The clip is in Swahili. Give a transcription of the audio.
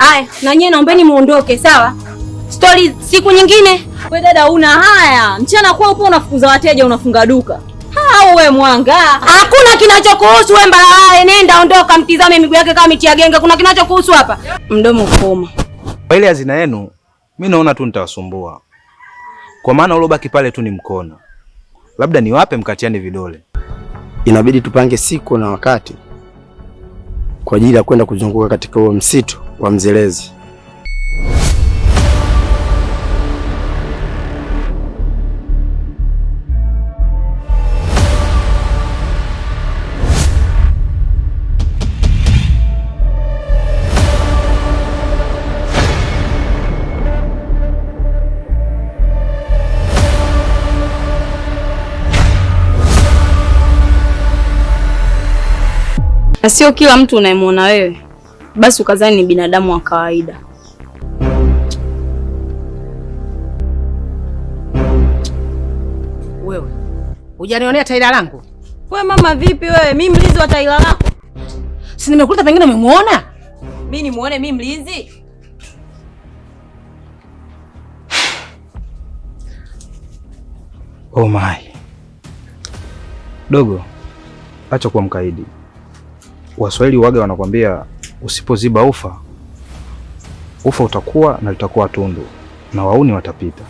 Aya, na nyie naombeni muondoke, sawa? Stori siku nyingine. We dada, una haya mchana kwa upo unafukuza wateja, unafunga duka. uwe mwanga, hakuna kinachokuhusu wewe. Mbaya, nenda ondoka, mtizame miguu yake kama miti ya genga. Kuna kinachokuhusu hapa? Mdomo ukoma. Kwa ile hazina yenu mimi naona tu nitawasumbua, kwa maana ulobaki pale tu ni mkono, labda niwape mkatiani vidole. Inabidi tupange siku na wakati kwa ajili ya kwenda kuzunguka katika huo msitu wa Mzelezi. na sio kila mtu unayemwona wewe basi ukazani ni binadamu wa kawaida. Wewe hujanionea taila langu. We mama, vipi wewe? Mi mlinzi wa taila lako? Si nimekuta pengine umemwona. Mi nimuone mi mlinzi? Oh my. Dogo, acha kuwa mkaidi. Waswahili waga wanakwambia usipoziba ufa ufa utakuwa na litakuwa tundu, na wauni watapita.